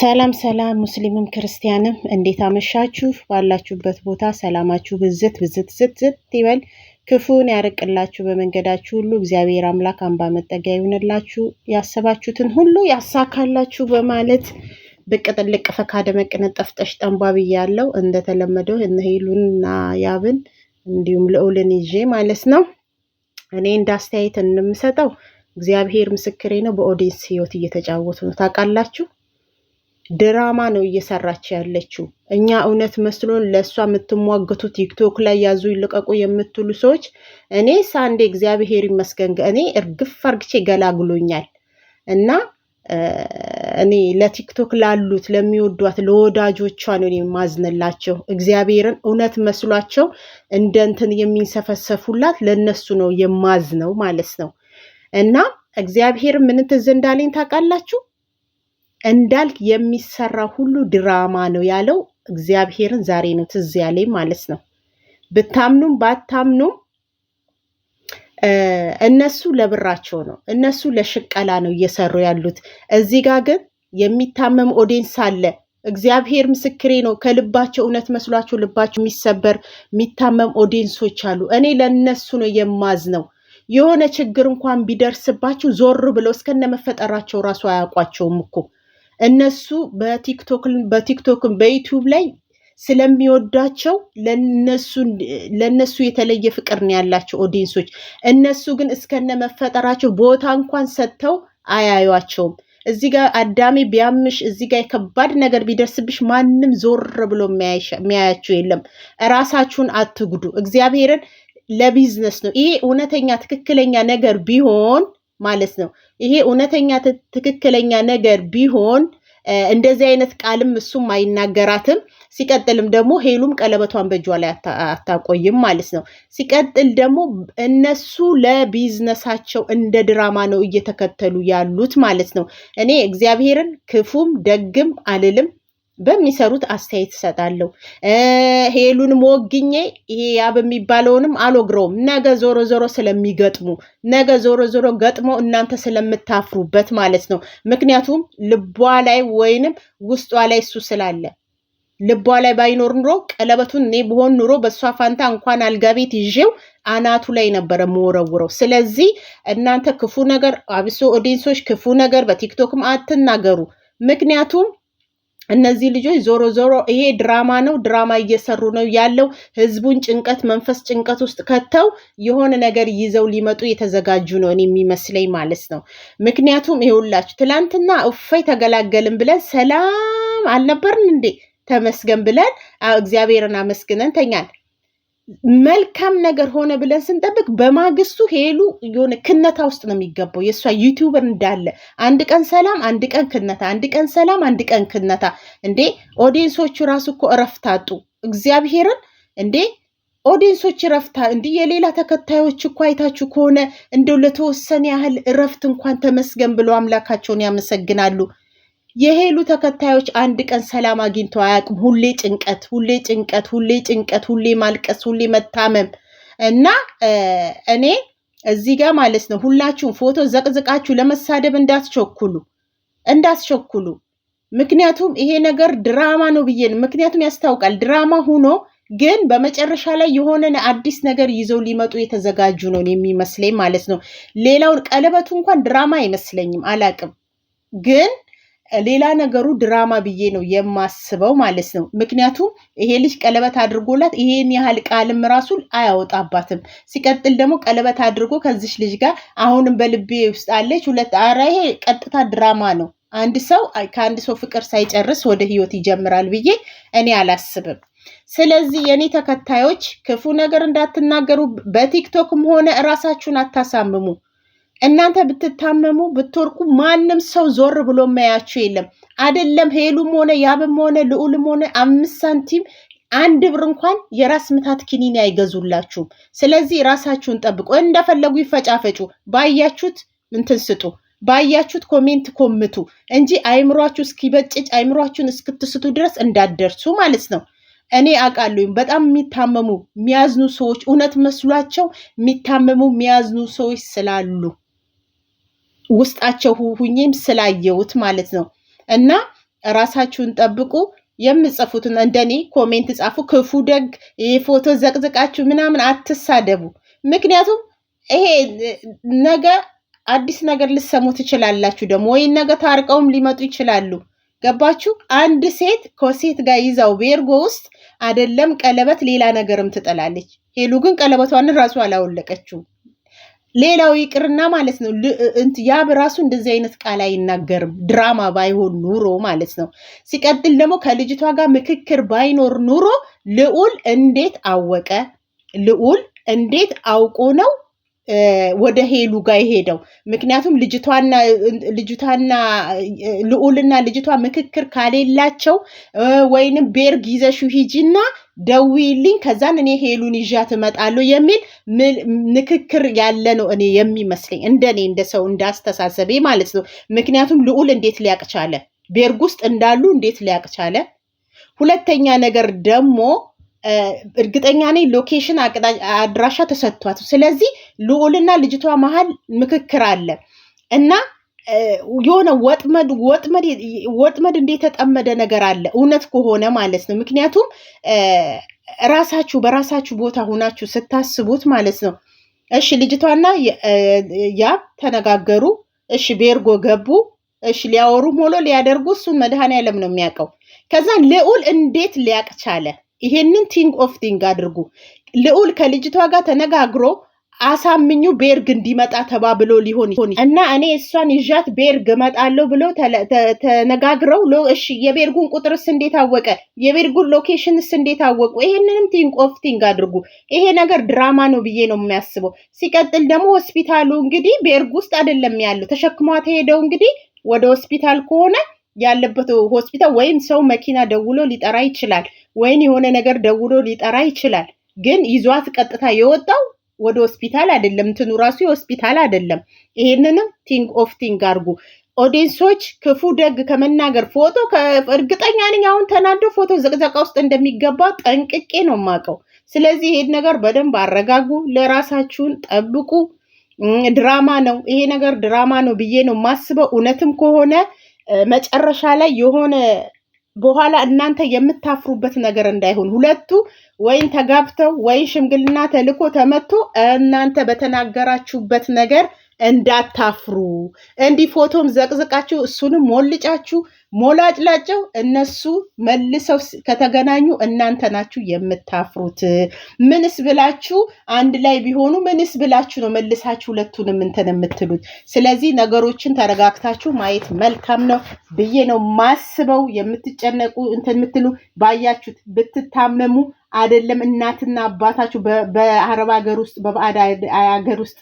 ሰላም ሰላም ሙስሊምም ክርስቲያንም እንዴት አመሻችሁ? ባላችሁበት ቦታ ሰላማችሁ ብዝት ብዝት ዝት ይበል። ክፉን ያርቅላችሁ በመንገዳችሁ ሁሉ እግዚአብሔር አምላክ አምባ መጠጊያ ይሆንላችሁ። ያሰባችሁትን ሁሉ ያሳካላችሁ በማለት ብቅ ጥልቅ ፈካ ደመቅ ነጠፍ ጠንቧ ብያለው። እንደተለመደው እነ ሄሉንና ያብን እንዲሁም ልዑልን ይዤ ማለት ነው እኔ እንዳስተያየት እንደምሰጠው እግዚአብሔር ምስክሬ ነው። በኦዲየንስ ህይወት እየተጫወቱ ነው ታውቃላችሁ። ድራማ ነው እየሰራች ያለችው። እኛ እውነት መስሎን ለእሷ የምትሟገቱ ቲክቶክ ላይ ያዙ ይልቀቁ የምትሉ ሰዎች እኔ ሳንዴ እግዚአብሔር ይመስገን እኔ እርግፍ አርግቼ ገላግሎኛል እና እኔ ለቲክቶክ ላሉት ለሚወዷት ለወዳጆቿ ነው የማዝንላቸው። እግዚአብሔርን እውነት መስሏቸው እንደ እንትን የሚንሰፈሰፉላት ለእነሱ ነው የማዝነው ማለት ነው እና እግዚአብሔር ምን ትዝ እንዳለኝ ታውቃላችሁ? እንዳልክ የሚሰራ ሁሉ ድራማ ነው ያለው እግዚአብሔርን ዛሬ ነው ትዝ ያለኝ ማለት ነው። ብታምኑም ባታምኑም እነሱ ለብራቸው ነው፣ እነሱ ለሽቀላ ነው እየሰሩ ያሉት። እዚህ ጋር ግን የሚታመም ኦዲንስ አለ። እግዚአብሔር ምስክሬ ነው። ከልባቸው እውነት መስሏቸው ልባቸው የሚሰበር የሚታመም ኦዲንሶች አሉ። እኔ ለነሱ ነው የማዝ ነው። የሆነ ችግር እንኳን ቢደርስባቸው ዞር ብለው እስከነ መፈጠራቸው ራሱ አያውቋቸውም እኮ እነሱ በቲክቶክን በዩቱብ ላይ ስለሚወዷቸው ለእነሱ የተለየ ፍቅር ነው ያላቸው ኦዲንሶች እነሱ ግን እስከነ መፈጠራቸው ቦታ እንኳን ሰጥተው አያዩቸውም። እዚህ ጋር አዳሜ ቢያምሽ፣ እዚህ ጋር የከባድ ነገር ቢደርስብሽ ማንም ዞር ብሎ የሚያያቸው የለም። እራሳችሁን አትጉዱ። እግዚአብሔርን ለቢዝነስ ነው ይሄ እውነተኛ ትክክለኛ ነገር ቢሆን ማለት ነው። ይሄ እውነተኛ ትክክለኛ ነገር ቢሆን እንደዚህ አይነት ቃልም እሱም አይናገራትም። ሲቀጥልም ደግሞ ሄሉም ቀለበቷን በእጇ ላይ አታቆይም ማለት ነው። ሲቀጥል ደግሞ እነሱ ለቢዝነሳቸው እንደ ድራማ ነው እየተከተሉ ያሉት ማለት ነው። እኔ እግዚአብሔርን ክፉም ደግም አልልም በሚሰሩት አስተያየት እሰጣለሁ። ሄሉንም ወግኜ ይሄ ያ በሚባለውንም አልወግረውም። ነገ ዞሮ ዞሮ ስለሚገጥሙ ነገ ዞሮ ዞሮ ገጥሞ እናንተ ስለምታፍሩበት ማለት ነው። ምክንያቱም ልቧ ላይ ወይንም ውስጧ ላይ እሱ ስላለ ልቧ ላይ ባይኖር ኑሮ ቀለበቱን እኔ ብሆን ኑሮ በእሷ ፋንታ እንኳን አልጋ ቤት ይዤው አናቱ ላይ ነበረ መወረውረው። ስለዚህ እናንተ ክፉ ነገር አብሶ ኦዲንሶች ክፉ ነገር በቲክቶክም አትናገሩ። ምክንያቱም እነዚህ ልጆች ዞሮ ዞሮ ይሄ ድራማ ነው፣ ድራማ እየሰሩ ነው ያለው። ህዝቡን ጭንቀት መንፈስ ጭንቀት ውስጥ ከተው የሆነ ነገር ይዘው ሊመጡ የተዘጋጁ ነው እኔ የሚመስለኝ ማለት ነው። ምክንያቱም ይኸውላችሁ ትላንትና እፎይ ተገላገልን ብለን ሰላም አልነበርን እንዴ? ተመስገን ብለን እግዚአብሔርን አመስግነን ተኛን። መልካም ነገር ሆነ ብለን ስንጠብቅ በማግስቱ ሄሉ የሆነ ክነታ ውስጥ ነው የሚገባው። የእሷ ዩቲዩበር እንዳለ አንድ ቀን ሰላም፣ አንድ ቀን ክነታ፣ አንድ ቀን ሰላም፣ አንድ ቀን ክነታ። እንዴ ኦዲየንሶቹ ራሱ እኮ እረፍት አጡ። እግዚአብሔርን እንዴ ኦዲየንሶች እረፍት እንዲ የሌላ ተከታዮች እኮ አይታችሁ ከሆነ እንደው ለተወሰነ ያህል እረፍት እንኳን ተመስገን ብለው አምላካቸውን ያመሰግናሉ። የሄሉ ተከታዮች አንድ ቀን ሰላም አግኝተው አያውቅም። ሁሌ ጭንቀት፣ ሁሌ ጭንቀት፣ ሁሌ ጭንቀት፣ ሁሌ ማልቀስ፣ ሁሌ መታመም እና እኔ እዚህ ጋር ማለት ነው ሁላችሁም ፎቶ ዘቅዝቃችሁ ለመሳደብ እንዳትቸኩሉ እንዳትቸኩሉ። ምክንያቱም ይሄ ነገር ድራማ ነው ብዬ ነው። ምክንያቱም ያስታውቃል ድራማ ሆኖ ግን በመጨረሻ ላይ የሆነን አዲስ ነገር ይዘው ሊመጡ የተዘጋጁ ነው የሚመስለኝ ማለት ነው። ሌላውን ቀለበቱ እንኳን ድራማ አይመስለኝም፣ አላቅም ግን ሌላ ነገሩ ድራማ ብዬ ነው የማስበው ማለት ነው። ምክንያቱም ይሄ ልጅ ቀለበት አድርጎላት ይሄን ያህል ቃልም ራሱ አያወጣባትም። ሲቀጥል ደግሞ ቀለበት አድርጎ ከዚች ልጅ ጋር አሁንም በልቤ ውስጥ አለች ሁለት አራ ይሄ ቀጥታ ድራማ ነው። አንድ ሰው ከአንድ ሰው ፍቅር ሳይጨርስ ወደ ህይወት ይጀምራል ብዬ እኔ አላስብም። ስለዚህ የኔ ተከታዮች ክፉ ነገር እንዳትናገሩ፣ በቲክቶክም ሆነ እራሳችሁን አታሳምሙ። እናንተ ብትታመሙ ብትወርቁ ማንም ሰው ዞር ብሎ የማያችሁ የለም። አይደለም ሄሉም ሆነ ያብም ሆነ ልዑልም ሆነ አምስት ሳንቲም አንድ ብር እንኳን የራስ ምታት ኪኒን አይገዙላችሁም። ስለዚህ ራሳችሁን ጠብቁ። እንደፈለጉ ይፈጫፈጩ። ባያችሁት እንትን ስጡ፣ ባያችሁት ኮሜንት ኮምቱ እንጂ አይምሯችሁ እስኪበጭጭ አይምሯችሁን እስክትስቱ ድረስ እንዳደርሱ ማለት ነው። እኔ አውቃለሁኝ በጣም የሚታመሙ የሚያዝኑ ሰዎች እውነት መስሏቸው የሚታመሙ የሚያዝኑ ሰዎች ስላሉ ውስጣቸው ሁኝም ስላየውት ማለት ነው። እና ራሳችሁን ጠብቁ። የምጽፉትን እንደኔ ኮሜንት ጻፉ። ክፉ ደግ ፎቶ ዘቅዝቃችሁ ምናምን አትሳደቡ። ምክንያቱም ይሄ ነገ አዲስ ነገር ልሰሙ ትችላላችሁ። ደግሞ ወይ ነገ ታርቀውም ሊመጡ ይችላሉ። ገባችሁ? አንድ ሴት ከሴት ጋር ይዛው ቤርጎ ውስጥ አይደለም ቀለበት ሌላ ነገርም ትጠላለች። ሄሉ ግን ቀለበቷንን ራሱ አላወለቀችውም። ሌላው ይቅርና ማለት ነው ያብ ራሱ እንደዚህ አይነት ቃል አይናገርም፣ ድራማ ባይሆን ኑሮ ማለት ነው። ሲቀጥል ደግሞ ከልጅቷ ጋር ምክክር ባይኖር ኑሮ ልዑል እንዴት አወቀ? ልዑል እንዴት አውቆ ነው ወደ ሄሉ ጋር የሄደው ምክንያቱም ልጅቷና ልጅቷና ልዑልና ልጅቷ ምክክር ካሌላቸው ወይንም ቤርግ ይዘሹ ሂጂና ደዊልኝ ከዛን እኔ ሄሉን ይዣ ትመጣለሁ የሚል ምክክር ያለ ነው እኔ የሚመስለኝ እንደኔ እንደ ሰው እንዳስተሳሰቤ ማለት ነው። ምክንያቱም ልዑል እንዴት ሊያቅ ቻለ? ቤርግ ውስጥ እንዳሉ እንዴት ሊያቅ ቻለ? ሁለተኛ ነገር ደግሞ እርግጠኛ ነኝ ሎኬሽን አድራሻ ተሰጥቷት፣ ስለዚህ ልዑልና ልጅቷ መሀል ምክክር አለ እና የሆነ ወጥመድ ወጥመድ ወጥመድ እንደተጠመደ ነገር አለ እውነት ከሆነ ማለት ነው። ምክንያቱም ራሳችሁ በራሳችሁ ቦታ ሆናችሁ ስታስቡት ማለት ነው። እሺ ልጅቷና ያ ተነጋገሩ። እሺ ቤርጎ ገቡ። እሺ ሊያወሩ ሞሎ ሊያደርጉ እሱን መድኃኔዓለም ነው የሚያውቀው። ከዛ ልዑል እንዴት ሊያቅ ቻለ? ይሄንን ቲንግ ኦፍ ቲንግ አድርጉ። ልዑል ከልጅቷ ጋር ተነጋግሮ አሳምኙ ቤርግ እንዲመጣ ተባብሎ ሊሆን እና እኔ እሷን ይዣት ቤርግ እመጣለሁ ብሎ ተነጋግረው እሺ፣ የቤርጉን ቁጥርስ እንዴት አወቀ? የቤርጉን ሎኬሽንስ እንዴት አወቁ? ይሄንንም ቲንግ ኦፍ ቲንግ አድርጉ። ይሄ ነገር ድራማ ነው ብዬ ነው የሚያስበው። ሲቀጥል ደግሞ ሆስፒታሉ እንግዲህ ቤርግ ውስጥ አይደለም ያለው፣ ተሸክሟ ተሄደው እንግዲህ ወደ ሆስፒታል ከሆነ ያለበት ሆስፒታል ወይም ሰው መኪና ደውሎ ሊጠራ ይችላል፣ ወይም የሆነ ነገር ደውሎ ሊጠራ ይችላል። ግን ይዟት ቀጥታ የወጣው ወደ ሆስፒታል አይደለም፣ እንትኑ ራሱ የሆስፒታል አይደለም። ይሄንንም ቲንግ ኦፍ ቲንግ አርጉ። ኦዲንሶች ክፉ ደግ ከመናገር ፎቶ እርግጠኛ ነኝ አሁን ተናዶ ፎቶ ዘቅዘቃ ውስጥ እንደሚገባ ጠንቅቄ ነው የማውቀው። ስለዚህ ይሄን ነገር በደንብ አረጋጉ፣ ለራሳችሁን ጠብቁ። ድራማ ነው ይሄ ነገር ድራማ ነው ብዬ ነው የማስበው እውነትም ከሆነ መጨረሻ ላይ የሆነ በኋላ እናንተ የምታፍሩበት ነገር እንዳይሆን ሁለቱ ወይን ተጋብተው ወይን ሽምግልና ተልኮ ተመቶ እናንተ በተናገራችሁበት ነገር እንዳታፍሩ። እንዲህ ፎቶም ዘቅዝቃችሁ እሱንም ሞልጫችሁ ሞላጭላጭው እነሱ መልሰው ከተገናኙ እናንተ ናችሁ የምታፍሩት። ምንስ ብላችሁ አንድ ላይ ቢሆኑ ምንስ ብላችሁ ነው መልሳችሁ ሁለቱን እንትን የምትሉት? ስለዚህ ነገሮችን ተረጋግታችሁ ማየት መልካም ነው ብዬ ነው ማስበው። የምትጨነቁ እንትን የምትሉ ባያችሁት ብትታመሙ አይደለም እናትና አባታችሁ በአረብ ሀገር ውስጥ በባዕድ ሀገር ውስጥ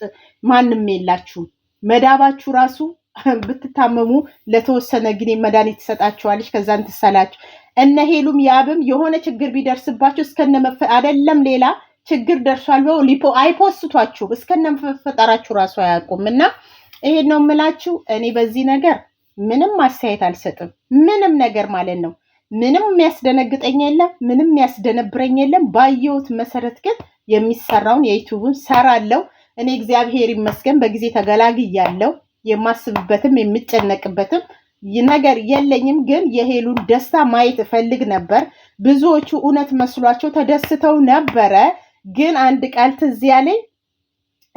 ማንም የላችሁም መዳባችሁ ራሱ ብትታመሙ ለተወሰነ ጊዜ መድኃኒት ትሰጣቸዋለች። ከዛን ትሰላቸው እነ ሄሉም ያብም የሆነ ችግር ቢደርስባቸው መፈ አይደለም ሌላ ችግር ደርሷል ብለው ሊፖ አይፖስቷችሁም መፈጠራችሁ ራሱ አያውቁም። እና ይሄን ነው የምላችሁ። እኔ በዚህ ነገር ምንም አስተያየት አልሰጥም። ምንም ነገር ማለት ነው። ምንም የሚያስደነግጠኝ የለም፣ ምንም የሚያስደነብረኝ የለም። ባየሁት መሰረት ግን የሚሰራውን የዩቱቡን ሰራለው። እኔ እግዚአብሔር ይመስገን በጊዜ ተገላግያለው። የማስብበትም የምጨነቅበትም ነገር የለኝም። ግን የሄሉን ደስታ ማየት እፈልግ ነበር። ብዙዎቹ እውነት መስሏቸው ተደስተው ነበረ። ግን አንድ ቃል ትዝ ያለኝ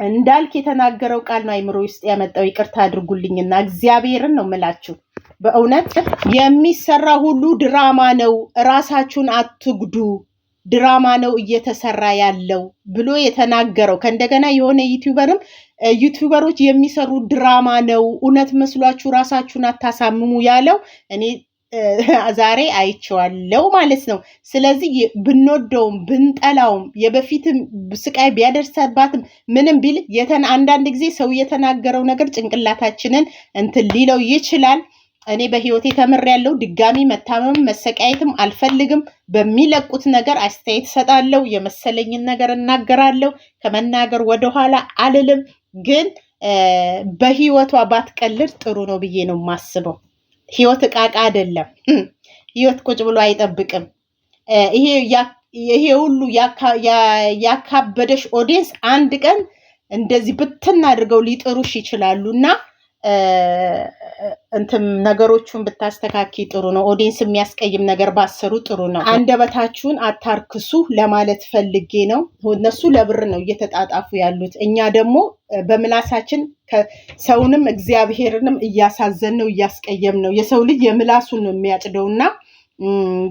እንዳልክ የተናገረው ቃል ነው አይምሮ ውስጥ ያመጣው። ይቅርታ አድርጉልኝና እግዚአብሔርን ነው ምላችሁ። በእውነት የሚሰራ ሁሉ ድራማ ነው። እራሳችሁን አትጉዱ። ድራማ ነው እየተሰራ ያለው ብሎ የተናገረው ከእንደገና የሆነ ዩቲዩበርም ዩቲዩበሮች የሚሰሩ ድራማ ነው እውነት መስሏችሁ ራሳችሁን አታሳምሙ ያለው እኔ ዛሬ አይቼዋለሁ ማለት ነው። ስለዚህ ብንወደውም ብንጠላውም የበፊትም ስቃይ ቢያደርሰባትም ምንም ቢል አንዳንድ ጊዜ ሰው የተናገረው ነገር ጭንቅላታችንን እንትን ሊለው ይችላል። እኔ በህይወቴ ያለው ድጋሚ መታመም መሰቃየትም አልፈልግም። በሚለቁት ነገር አስተያየት እሰጣለሁ። የመሰለኝን ነገር እናገራለሁ። ከመናገር ወደኋላ አልልም። ግን በህይወቷ ባትቀልድ ጥሩ ነው ብዬ ነው የማስበው። ህይወት እቃቃ አይደለም። ህይወት ቁጭ ብሎ አይጠብቅም። ይሄ ይሄ ሁሉ ያካበደሽ ኦዲየንስ አንድ ቀን እንደዚህ ብትን አድርገው ሊጥሩሽ ይችላሉ እና እንትም ነገሮቹን ብታስተካኪ ጥሩ ነው። ኦዲንስ የሚያስቀይም ነገር ባሰሩ ጥሩ ነው። አንደበታችሁን አታርክሱ ለማለት ፈልጌ ነው። እነሱ ለብር ነው እየተጣጣፉ ያሉት። እኛ ደግሞ በምላሳችን ሰውንም እግዚአብሔርንም እያሳዘን ነው፣ እያስቀየም ነው። የሰው ልጅ የምላሱን ነው የሚያጭደውና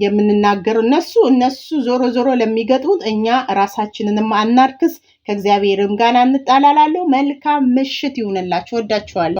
የምንናገረው እነሱ እነሱ ዞሮ ዞሮ ለሚገጥሙት እኛ ራሳችንንም አናርክስ፣ ከእግዚአብሔርም ጋር እንጣላላለሁ። መልካም ምሽት ይሁንላችሁ። ወዳችኋለሁ።